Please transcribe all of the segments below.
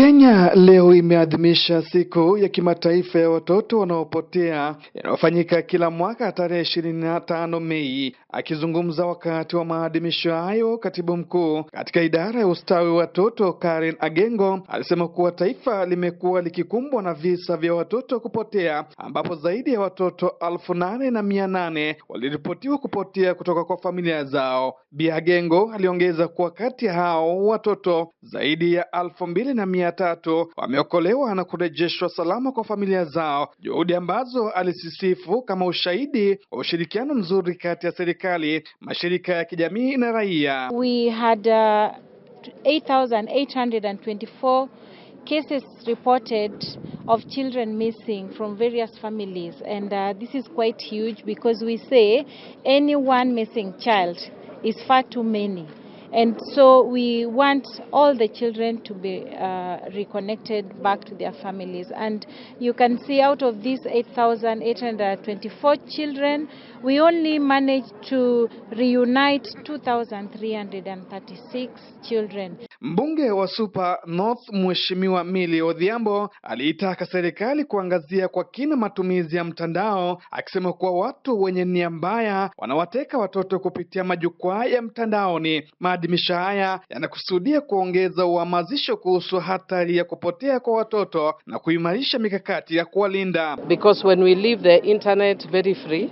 Kenya leo imeadhimisha siku ya kimataifa ya watoto wanaopotea inayofanyika kila mwaka tarehe ishirini na tano Mei. Akizungumza wakati wa maadhimisho hayo, katibu mkuu katika idara ya ustawi wa watoto Karen Agengo alisema kuwa taifa limekuwa likikumbwa na visa vya watoto kupotea, ambapo zaidi ya watoto elfu nane na mia nane waliripotiwa kupotea kutoka kwa familia zao. Bi Agengo aliongeza kuwa kati ya hao watoto zaidi ya elfu mbili na mia mia tatu wameokolewa na kurejeshwa salama kwa familia zao, juhudi ambazo alisisifu kama ushahidi wa ushirikiano mzuri kati ya serikali, mashirika ya kijamii na raia. We had, uh, 8,824 cases reported of children missing from various families and uh, this is quite huge because we say missing child is far too many And so we want all the children to be uh, reconnected back to their families. And you can see out of these 8,824 children, we only managed to reunite 2,336 children. Mbunge wa Super North Mheshimiwa Mili Odhiambo aliitaka serikali kuangazia kwa kina matumizi ya mtandao, akisema kuwa watu wenye nia mbaya wanawateka watoto kupitia majukwaa ya mtandaoni maadhimisho haya yanakusudia kuongeza uhamasisho kuhusu hatari ya kupotea kwa watoto na kuimarisha mikakati ya kuwalinda. Because when we leave the internet very free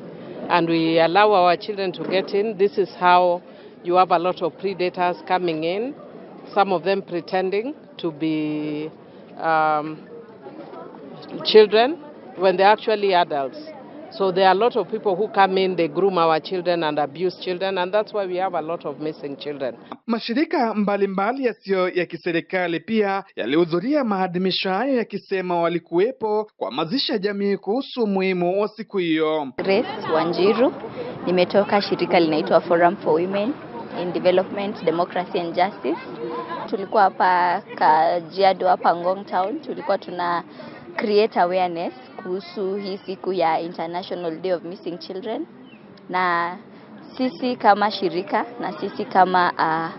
and we allow our children to get in, this is how you have a lot of predators coming in, some of them pretending to be um, children when they're actually adults. So there are a lot of people who come in, they groom our children and abuse children and that's why we have a lot of missing children. Mashirika mbalimbali yasiyo ya kiserikali pia yalihudhuria maadhimisho hayo yakisema walikuwepo kwa kuhamasisha jamii kuhusu umuhimu wa siku hiyo. Grace Wanjiru, nimetoka shirika linaitwa Forum for Women in Development, Democracy and Justice. Tulikuwa hapa Kajiado hapa Ngong Town, tulikuwa tuna create awareness kuhusu hii siku ya International Day of Missing Children, na sisi kama shirika na sisi kama uh,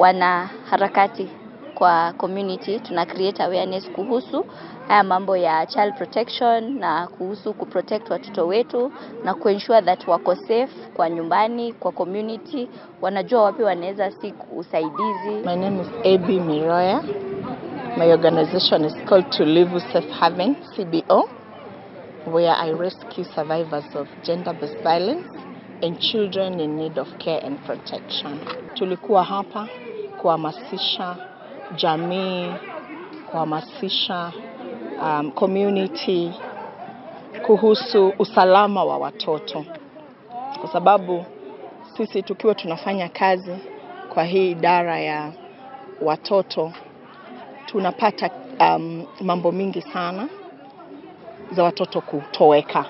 wanaharakati kwa community tuna create awareness kuhusu haya mambo ya child protection na kuhusu kuprotect watoto wetu na kuensure that wako safe kwa nyumbani, kwa community, wanajua wapi wanaweza seek usaidizi. My name is Abby Miroya. My organization is called To Live Safe Haven, CBO, where I rescue survivors of gender-based violence and children in need of care and protection. Tulikuwa hapa kuhamasisha jamii, kuhamasisha um, community kuhusu usalama wa watoto, kwa sababu sisi tukiwa tunafanya kazi kwa hii idara ya watoto tunapata um, mambo mingi sana za watoto kutoweka,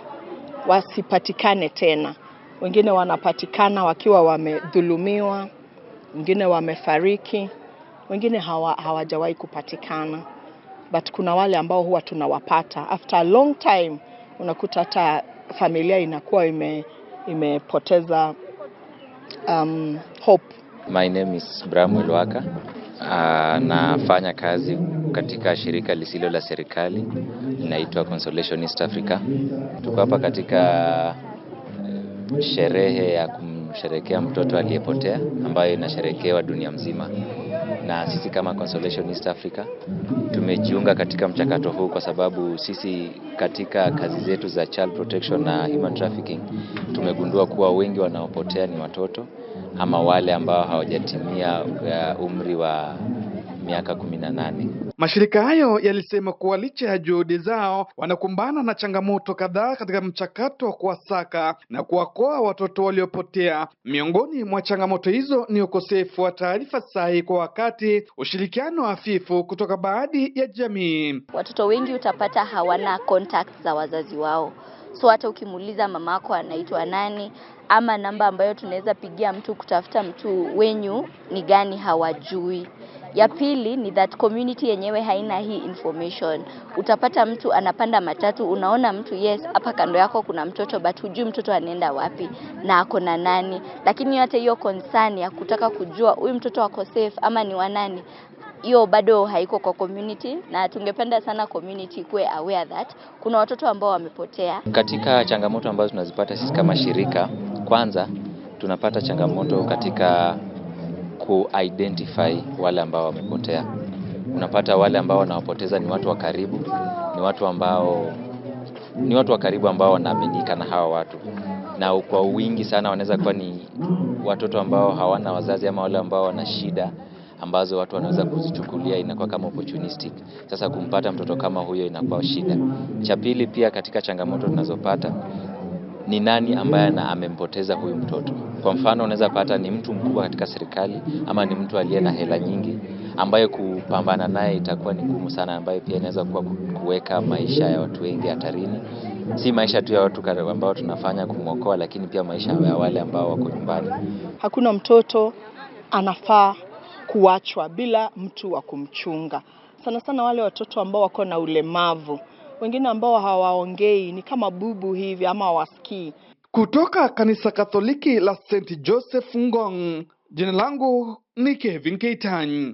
wasipatikane tena. Wengine wanapatikana wakiwa wamedhulumiwa, wengine wamefariki, wengine hawa, hawajawahi kupatikana, but kuna wale ambao huwa tunawapata after a long time, unakuta hata familia inakuwa ime, imepoteza um, hope. My name is Bramwel Waka anafanya ah, nafanya kazi katika shirika lisilo la serikali linaitwa Consolation East Africa. Tuko hapa katika eh, sherehe ya kumsherekea mtoto aliyepotea ambayo inasherekewa dunia mzima, na sisi kama Consolation East Africa tumejiunga katika mchakato huu kwa sababu sisi katika kazi zetu za child protection na human trafficking tumegundua kuwa wengi wanaopotea ni watoto ama wale ambao hawajatimia umri wa miaka kumi na nane. Mashirika hayo yalisema kuwa licha ya juhudi zao wanakumbana na changamoto kadhaa katika mchakato wa kuwasaka na kuwakoa watoto waliopotea. Miongoni mwa changamoto hizo ni ukosefu wa taarifa sahihi kwa wakati, ushirikiano hafifu kutoka baadhi ya jamii. Watoto wengi utapata hawana contact za wazazi wao, so hata ukimuuliza mamako anaitwa nani, ama namba ambayo tunaweza pigia mtu kutafuta mtu wenyu ni gani hawajui. Ya pili ni that community yenyewe haina hii information. Utapata mtu anapanda matatu, unaona mtu yes, hapa kando yako kuna mtoto but hujui mtoto anaenda wapi na ako na nani. Lakini yote hiyo concern ya kutaka kujua huyu mtoto ako safe ama ni wanani hiyo bado haiko kwa community, na tungependa sana community kuwe aware that kuna watoto ambao wamepotea. Katika changamoto ambazo tunazipata sisi kama shirika kwanza tunapata changamoto katika ku-identify wale ambao wamepotea. Unapata wale ambao wanawapoteza ni watu wa karibu, ni watu ambao ni watu wa karibu ambao wanaaminika na hawa watu, na kwa wingi sana wanaweza kuwa ni watoto ambao hawana wazazi ama wale ambao wana shida ambazo watu wanaweza kuzichukulia inakuwa kama opportunistic. Sasa kumpata mtoto kama huyo inakuwa shida. Cha pili pia katika changamoto tunazopata ni nani ambaye na amempoteza huyu mtoto. Kwa mfano, unaweza pata ni mtu mkubwa katika serikali ama ni mtu aliye na hela nyingi ambaye kupambana naye itakuwa ni ngumu sana, ambaye pia inaweza kuwa kuweka maisha ya watu wengi hatarini, si maisha tu ya watu ambao tunafanya kumwokoa, lakini pia maisha ya wale ambao wako nyumbani. Hakuna mtoto anafaa kuachwa bila mtu wa kumchunga, sana sana wale watoto ambao wako na ulemavu wengine ambao hawaongei ni kama bubu hivi ama hawasikii. Kutoka kanisa Katoliki la St Joseph Ngong, jina langu ni Kevin Keitany.